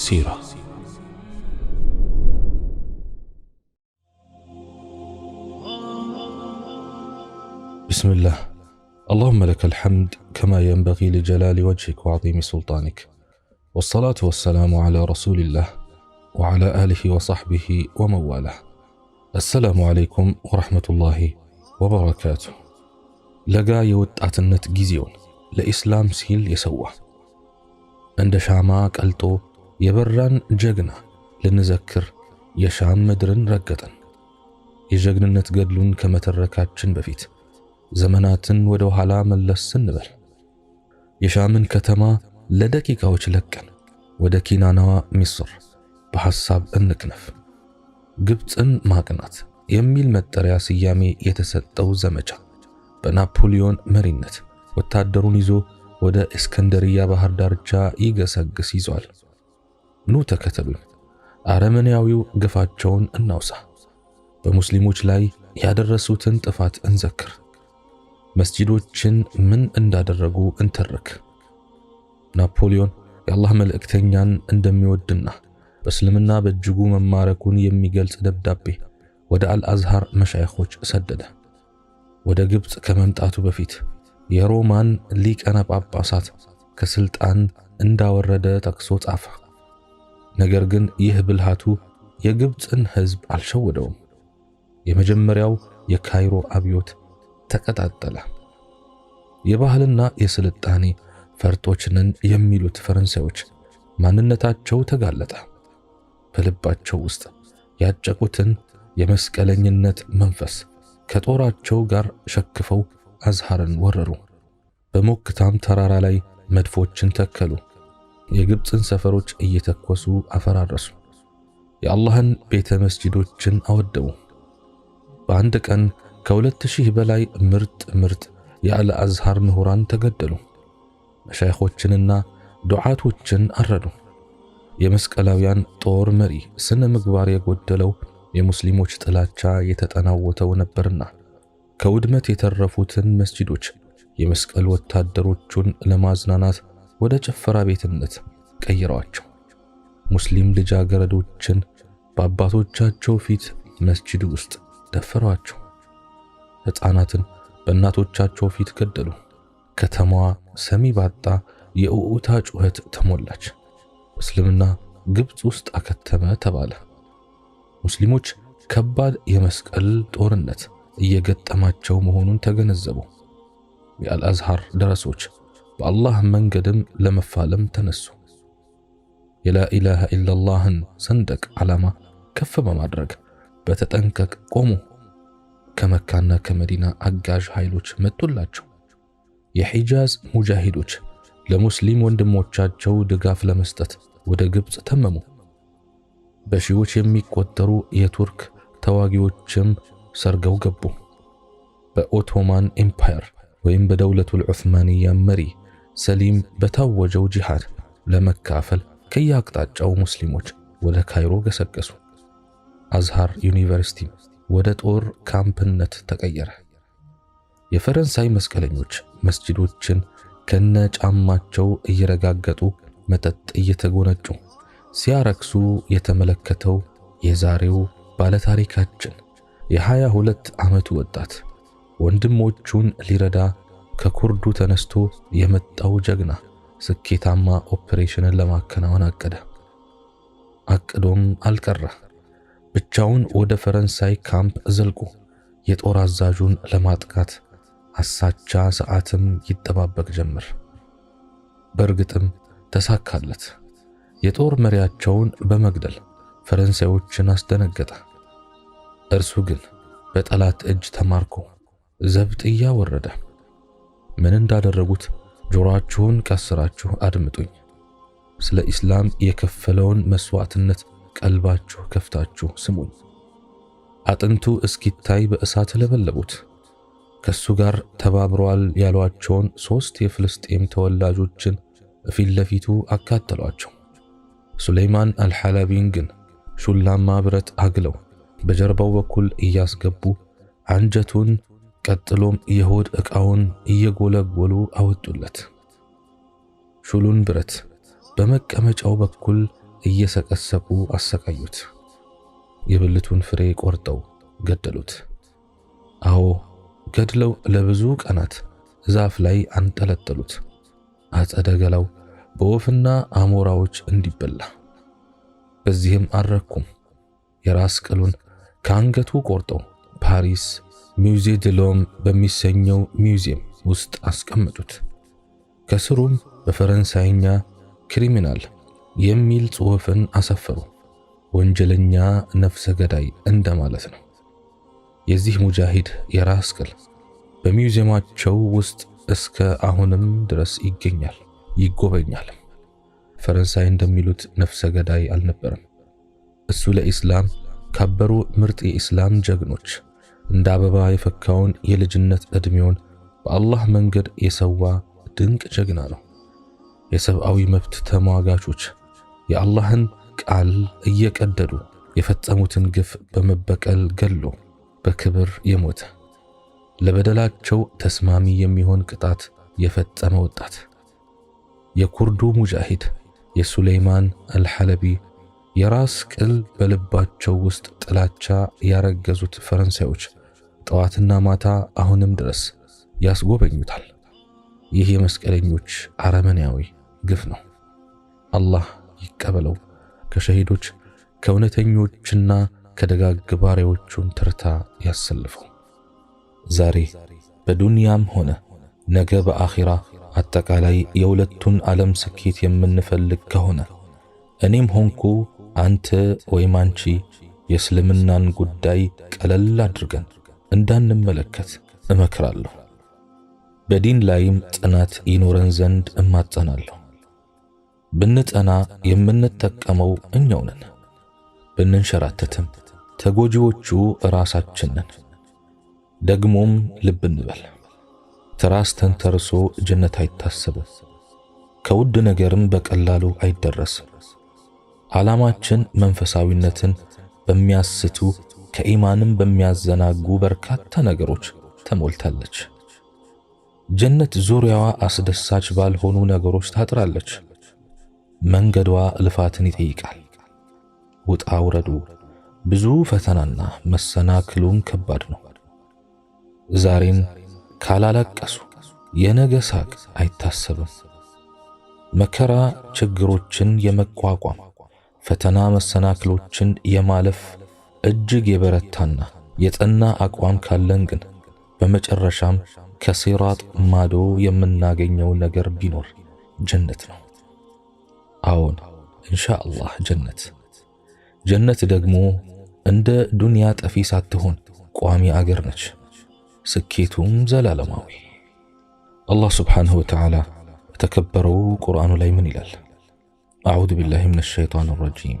سيرة بسم الله اللهم لك الحمد كما ينبغي لجلال وجهك وعظيم سلطانك والصلاة والسلام على رسول الله وعلى آله وصحبه ومن والاه السلام عليكم ورحمة الله وبركاته يوت أتنت جيزيون لإسلام سيل يسوى عند ሻማ ألتو የበራን ጀግና ልንዘክር የሻም ምድርን ረገጥን። የጀግንነት ገድሉን ከመተረካችን በፊት ዘመናትን ወደ ኋላ መለስ ስንበል የሻምን ከተማ ለደቂቃዎች ለቀን ወደ ኪናናዋ ሚስር በሐሳብ እንክነፍ። ግብፅን ማቅናት የሚል መጠሪያ ስያሜ የተሰጠው ዘመቻ በናፖሊዮን መሪነት ወታደሩን ይዞ ወደ እስከንደሪያ ባህር ዳርቻ ይገሰግስ ይዟል። ኑ ተከተሉኝ፣ አረመኔያዊው ግፋቸውን እናውሳ፣ በሙስሊሞች ላይ ያደረሱትን ጥፋት እንዘክር፣ መስጂዶችን ምን እንዳደረጉ እንተርክ። ናፖሊዮን የአላህ መልእክተኛን እንደሚወድና በእስልምና በእጅጉ መማረኩን የሚገልጽ ደብዳቤ ወደ አልአዝሃር መሻይኾች ሰደደ። ወደ ግብፅ ከመምጣቱ በፊት የሮማን ሊቀነ ጳጳሳት ከስልጣን እንዳወረደ ጠቅሶ ጻፈ። ነገር ግን ይህ ብልሃቱ የግብፅን ሕዝብ አልሸወደውም። የመጀመሪያው የካይሮ አብዮት ተቀጣጠለ። የባህልና የስልጣኔ ፈርጦችንን የሚሉት ፈረንሳዮች ማንነታቸው ተጋለጠ። በልባቸው ውስጥ ያጨቁትን የመስቀለኝነት መንፈስ ከጦራቸው ጋር ሸክፈው አዝሃርን ወረሩ። በሞክታም ተራራ ላይ መድፎችን ተከሉ። የግብፅን ሰፈሮች እየተኮሱ አፈራረሱ። የአላህን ቤተ መስጂዶችን አወደሙ። በአንድ ቀን ከሁለት ሺህ በላይ ምርጥ ምርጥ የአልአዝሃር ምሁራን ተገደሉ። መሻይኾችንና ዱዓቶችን አረዱ። የመስቀላውያን ጦር መሪ ስነ ምግባር የጎደለው የሙስሊሞች ጥላቻ የተጠናወተው ነበርና ከውድመት የተረፉትን መስጂዶች የመስቀል ወታደሮቹን ለማዝናናት ወደ ጭፈራ ቤትነት ቀይረዋቸው ሙስሊም ልጃገረዶችን በአባቶቻቸው ፊት መስጂድ ውስጥ ደፈሯቸው። ሕፃናትን በእናቶቻቸው ፊት ገደሉ። ከተማዋ ሰሚ ባጣ የኡኡታ ጩኸት ተሞላች። እስልምና ግብፅ ውስጥ አከተመ ተባለ። ሙስሊሞች ከባድ የመስቀል ጦርነት እየገጠማቸው መሆኑን ተገነዘቡ። የአልአዝሃር ደረሶች በአላህ መንገድም ለመፋለም ተነሱ። የላኢላሃ ኢላላህን ሰንደቅ ዓላማ ከፍ በማድረግ በተጠንቀቅ ቆሙ። ከመካና ከመዲና አጋዥ ኃይሎች መጡላቸው። የሒጃዝ ሙጃሂዶች ለሙስሊም ወንድሞቻቸው ድጋፍ ለመስጠት ወደ ግብፅ ተመሙ። በሺዎች የሚቆጠሩ የቱርክ ተዋጊዎችም ሰርገው ገቡ። በኦቶማን ኤምፓየር ወይም በደውለቱል ዑስማንያ መሪ ሰሊም በታወጀው ጂሃድ ለመካፈል ከየአቅጣጫው ሙስሊሞች ወደ ካይሮ ገሰገሱ። አዝሃር ዩኒቨርሲቲ ወደ ጦር ካምፕነት ተቀየረ። የፈረንሳይ መስቀለኞች መስጂዶችን ከነ ጫማቸው እየረጋገጡ መጠጥ እየተጎነጩ ሲያረክሱ የተመለከተው የዛሬው ባለታሪካችን የሃያ ሁለት ዓመቱ ወጣት ወንድሞቹን ሊረዳ ከኩርዱ ተነስቶ የመጣው ጀግና ስኬታማ ኦፕሬሽንን ለማከናወን አቀደ። አቅዶም አልቀረ። ብቻውን ወደ ፈረንሳይ ካምፕ ዘልቆ የጦር አዛዡን ለማጥቃት አሳቻ ሰዓትም ይጠባበቅ ጀመር። በእርግጥም ተሳካለት። የጦር መሪያቸውን በመግደል ፈረንሳዮችን አስደነገጠ። እርሱ ግን በጠላት እጅ ተማርኮ ዘብጥያ ወረደ። ምን እንዳደረጉት ጆሮአችሁን ቀስራችሁ አድምጡኝ። ስለ ኢስላም የከፈለውን መስዋዕትነት ቀልባችሁ ከፍታችሁ ስሙኝ። አጥንቱ እስኪታይ በእሳት ለበለቡት። ከሱ ጋር ተባብረዋል ያሏቸውን ሶስት የፍልስጤም ተወላጆችን ፊት ለፊቱ አካተሏቸው። ሱለይማን አልሐላቢን ግን ሹላማ ብረት አግለው በጀርባው በኩል እያስገቡ አንጀቱን ቀጥሎም የሆድ ዕቃውን እየጎለጎሉ አወጡለት። ሹሉን ብረት በመቀመጫው በኩል እየሰቀሰቁ አሰቃዩት። የብልቱን ፍሬ ቆርጠው ገደሉት። አዎ ገድለው ለብዙ ቀናት ዛፍ ላይ አንጠለጠሉት። አጸደ ገላው በወፍና አሞራዎች እንዲበላ። በዚህም አረኩም። የራስ ቅሉን ከአንገቱ ቆርጠው ፓሪስ ሚውዜ ድሎም በሚሰኘው ሚውዚየም ውስጥ አስቀመጡት። ከስሩም በፈረንሳይኛ ክሪሚናል የሚል ጽሑፍን አሰፈሩ። ወንጀለኛ ነፍሰ ገዳይ እንደማለት ነው። የዚህ ሙጃሂድ የራስ ቅል በሚውዚየማቸው ውስጥ እስከ አሁንም ድረስ ይገኛል፣ ይጎበኛል። ፈረንሳይ እንደሚሉት ነፍሰ ገዳይ አልነበረም። እሱ ለኢስላም ካበሩ ምርጥ የኢስላም ጀግኖች እንደ አበባ የፈካውን የልጅነት ዕድሜውን በአላህ መንገድ የሰዋ ድንቅ ጀግና ነው። የሰብአዊ መብት ተሟጋቾች የአላህን ቃል እየቀደዱ የፈጸሙትን ግፍ በመበቀል ገሎ በክብር የሞተ ለበደላቸው ተስማሚ የሚሆን ቅጣት የፈጸመ ወጣት የኩርዱ ሙጃሂድ የሱሌይማን አልሐለቢ የራስ ቅል በልባቸው ውስጥ ጥላቻ ያረገዙት ፈረንሳዮች ጠዋትና ማታ አሁንም ድረስ ያስጎበኙታል። ይህ የመስቀለኞች አረመናያዊ ግፍ ነው። አላህ ይቀበለው። ከሸሂዶች ከእውነተኞችና ከደጋግ ባሪያዎቹን ትርታ ያሰልፈው። ዛሬ በዱንያም ሆነ ነገ በአኺራ አጠቃላይ የሁለቱን ዓለም ስኬት የምንፈልግ ከሆነ እኔም ሆንኩ አንተ ወይም አንቺ የእስልምናን ጉዳይ ቀለል አድርገን እንዳንመለከት እመክራለሁ። በዲን ላይም ጥናት ይኖረን ዘንድ እማጸናለሁ። ብንጠና የምንጠቀመው እኛው ነን፣ ብንንሸራተትም ተጎጂዎቹ ራሳችን ነን። ደግሞም ልብ እንበል፣ ትራስ ተንተርሶ ጀነት አይታሰብም፣ ከውድ ነገርም በቀላሉ አይደረስም። ዓላማችን መንፈሳዊነትን በሚያስቱ ከኢማንም በሚያዘናጉ በርካታ ነገሮች ተሞልታለች። ጀነት ዙሪያዋ አስደሳች ባልሆኑ ነገሮች ታጥራለች። መንገዷ ልፋትን ይጠይቃል። ውጣ ውረዱ ብዙ ፈተናና መሰናክሉም ከባድ ነው። ዛሬን ካላለቀሱ የነገ ሳቅ አይታሰብም። መከራ ችግሮችን የመቋቋም ፈተና መሰናክሎችን የማለፍ እጅግ የበረታና የጠና አቋም ካለን ግን በመጨረሻም ከሲራጥ ማዶ የምናገኘው ነገር ቢኖር ጀነት ነው። አዎን ኢንሻአላህ ጀነት። ጀነት ደግሞ እንደ ዱንያ ጠፊ ሳትሆን ቋሚ አገር ነች። ስኬቱም ዘላለማዊ። አላህ ስብሓንሁ ወተዓላ በተከበረው ቁርአኑ ላይ ምን ይላል? አዑዙ ቢላሂ ሚነ ሸይጣን ረጂም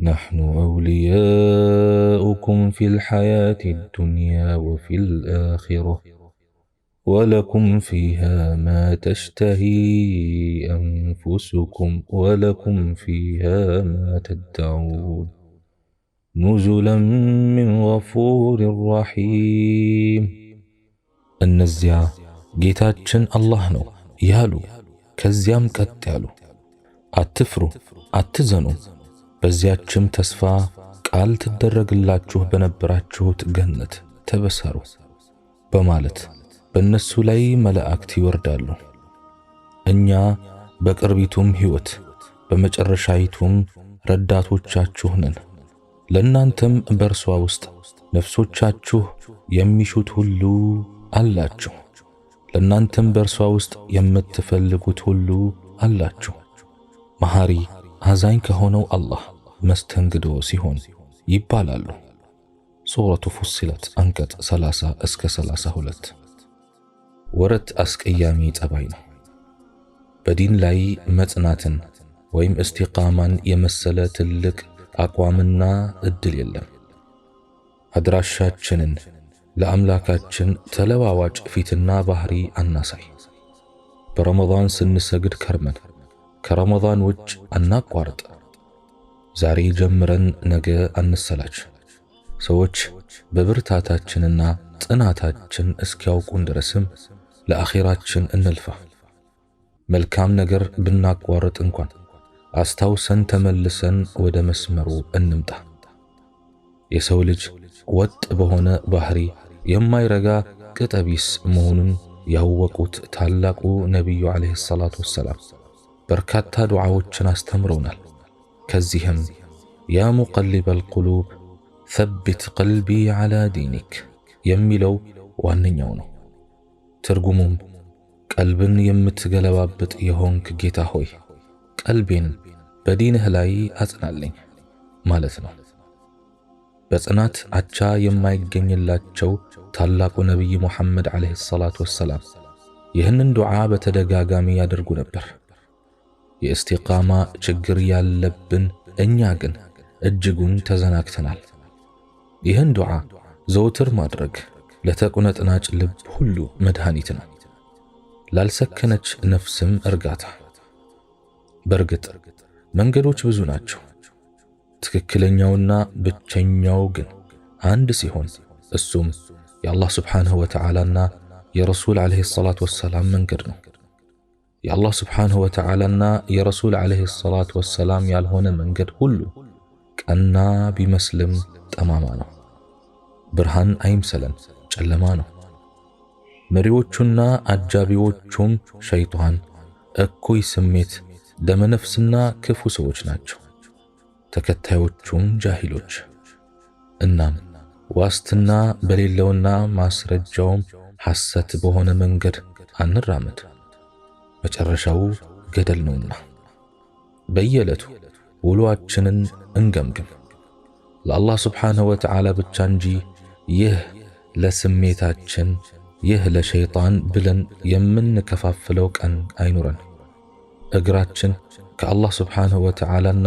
نحن أولياؤكم في الحياة الدنيا وفي الآخرة ولكم فيها ما تشتهي أنفسكم ولكم فيها ما تدعون نزلا من غفور رحيم እነዚያ جيتاتشن الله نو يالو كزيام كتالو أتفرو أتزنو በዚያችም ተስፋ ቃል ትደረግላችሁ በነበራችሁት ገነት ተበሰሩ በማለት በእነሱ ላይ መላእክት ይወርዳሉ። እኛ በቅርቢቱም ሕይወት በመጨረሻይቱም ረዳቶቻችሁ ነን። ለእናንተም በእርሷ ውስጥ ነፍሶቻችሁ የሚሹት ሁሉ አላችሁ። ለእናንተም በእርሷ ውስጥ የምትፈልጉት ሁሉ አላችሁ። መሐሪ አዛኝ ከሆነው አላህ መስተንግዶ ሲሆን ይባላሉ። ሱረቱ ፉሲለት አንቀጽ 30 እስከ 32። ወረት አስቀያሚ ጠባይ ነው። በዲን ላይ መጽናትን ወይም እስቲቃማን የመሰለ ትልቅ አቋምና እድል የለም። አድራሻችንን ለአምላካችን ተለዋዋጭ ፊትና ባህሪ አናሳይ። በረመዳን ስንሰግድ ከርመን ከረመዳን ውጭ አናቋርጥ። ዛሬ ጀምረን ነገ አንሰላች። ሰዎች በብርታታችንና ጥናታችን እስኪያውቁን ድረስም ለአኼራችን እንልፋ። መልካም ነገር ብናቋርጥ እንኳን አስታውሰን ተመልሰን ወደ መስመሩ እንምጣ። የሰው ልጅ ወጥ በሆነ ባህሪ የማይረጋ ቅጠቢስ መሆኑን ያወቁት ታላቁ ነቢዩ ዓለይሂ ሰላቱ ወሰላም በርካታ ዱዓዎችን አስተምረውናል። ከዚህም ያ ሙቀሊበል ቁሉብ ሰቢት ቀልቢ ዓላ ዲኒክ የሚለው ዋነኛው ነው። ትርጉሙም ቀልብን የምትገለባብጥ የሆንክ ጌታ ሆይ ቀልቤን በዲንህ ላይ አጽናለኝ ማለት ነው። በጽናት አቻ የማይገኝላቸው ታላቁ ነቢይ ሙሐመድ ዓለይሂ ሰላቱ ወሰላም ይህንን ዱዓ በተደጋጋሚ ያደርጉ ነበር። የእስቲቃማ ችግር ያለብን እኛ ግን እጅጉን ተዘናግተናል። ይህን ዱዓ ዘውትር ማድረግ ለተቁነጥናጭ ልብ ሁሉ መድኃኒት ነው፣ ላልሰከነች ነፍስም እርጋታ። በእርግጥ መንገዶች ብዙ ናቸው፣ ትክክለኛውና ብቸኛው ግን አንድ ሲሆን እሱም የአላህ ስብሓንሁ ወተዓላና የረሱል ዓለይሂ ሰላቱ ወሰላም መንገድ ነው። የአላህ ስብሓንሁ ወተዓላና የረሱል ዓለይሂ ሰላቱ ወሰላም ያልሆነ መንገድ ሁሉ ቀና ቢመስልም ጠማማ ነው። ብርሃን አይምሰለን፣ ጨለማ ነው። መሪዎቹና አጃቢዎቹም ሸይጧን፣ እኩይ ስሜት፣ ደመነፍስና ክፉ ሰዎች ናቸው። ተከታዮቹም ጃሂሎች። እናም ዋስትና በሌለውና ማስረጃውም ሐሰት በሆነ መንገድ አንራመድ። መጨረሻው ገደል ነውና። በየዕለቱ ውሎአችንን እንገምግም። ለአላህ ስብሓንሁ ወተዓላ ብቻ እንጂ ይህ ለስሜታችን ይህ ለሸይጣን ብለን የምንከፋፍለው ቀን አይኑረን። እግራችን ከአላህ ስብሓንሁ ወተዓላና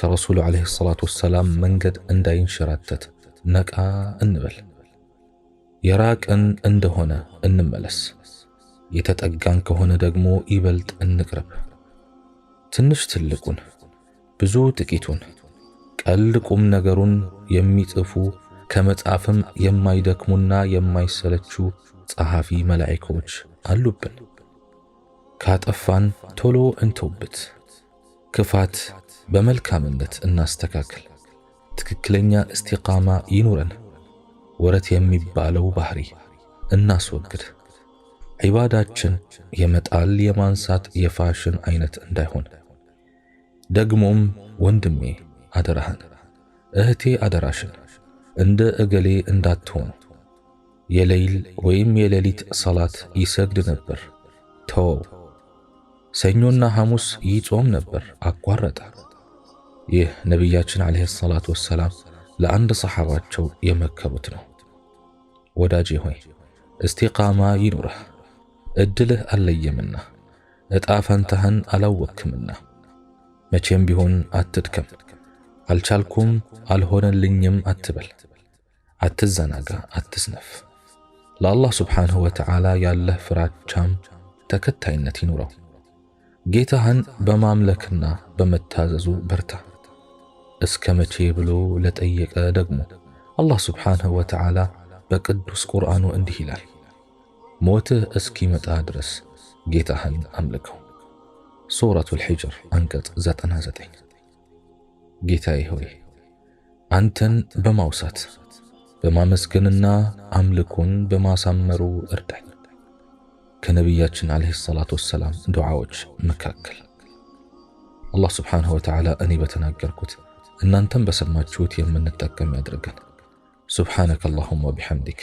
ከረሱሉ ዓለይሂ ሰላቱ ወሰላም መንገድ እንዳይንሸራተት ነቃ እንበል። የራቅን እንደሆነ እንመለስ። የተጠጋን ከሆነ ደግሞ ይበልጥ እንቅረብ። ትንሽ ትልቁን፣ ብዙ ጥቂቱን፣ ቀልድ ቁም ነገሩን የሚጽፉ ከመጻፍም የማይደክሙና የማይሰለቹ ጸሐፊ መላእክቶች አሉብን። ካጠፋን ቶሎ እንተውበት። ክፋት በመልካምነት እናስተካክል። ትክክለኛ እስቲቃማ ይኑረን። ወረት የሚባለው ባህሪ እናስወግድ። ዒባዳችን የመጣል የማንሳት የፋሽን አይነት እንዳይሆን። ደግሞም ወንድሜ አደራህን፣ እህቴ አደራሽን እንደ እገሌ እንዳትሆን። የለይል ወይም የሌሊት ሰላት ይሰግድ ነበር፣ ተወው። ሰኞና ሐሙስ ይጾም ነበር፣ አቋረጠ። ይህ ነቢያችን ዓለይሂ ሰላቱ ወሰላም ለአንድ ሰሓባቸው የመከሩት ነው። ወዳጄ ሆይ እስቲቃማ ይኑረህ። እድልህ አልለየምና እጣ ፈንታህን አላወክምና መቼም ቢሆን አትድከም። አልቻልኩም፣ አልሆነልኝም አትበል። አትዘናጋ፣ አትስነፍ። ለአላህ ስብሓንሁ ወተዓላ ያለህ ፍራቻም ተከታይነት ይኑረው። ጌታህን በማምለክና በመታዘዙ በርታ። እስከ መቼ ብሎ ለጠየቀ ደግሞ አላህ ስብሓንሁ ወተዓላ በቅዱስ ቁርአኑ እንዲህ ይላል ሞትህ እስኪመጣ ድረስ ጌታህን አምልከው። ሱረቱል ሂጅር አንቀጽ 99። ጌታዬ ሆይ አንተን በማውሳት በማመስገንና አምልኮን በማሳመሩ እርዳኝ። ከነቢያችን ዓለይሂ ሰላቱ ወሰላም ዱዓዎች መካከል አላህ ሱብሓነሁ ወተዓላ እኔ በተናገርኩት እናንተም በሰማችሁት የምንጠቀም ያድርገን። ሱብሓነከ አላሁማ ወቢሐምዲክ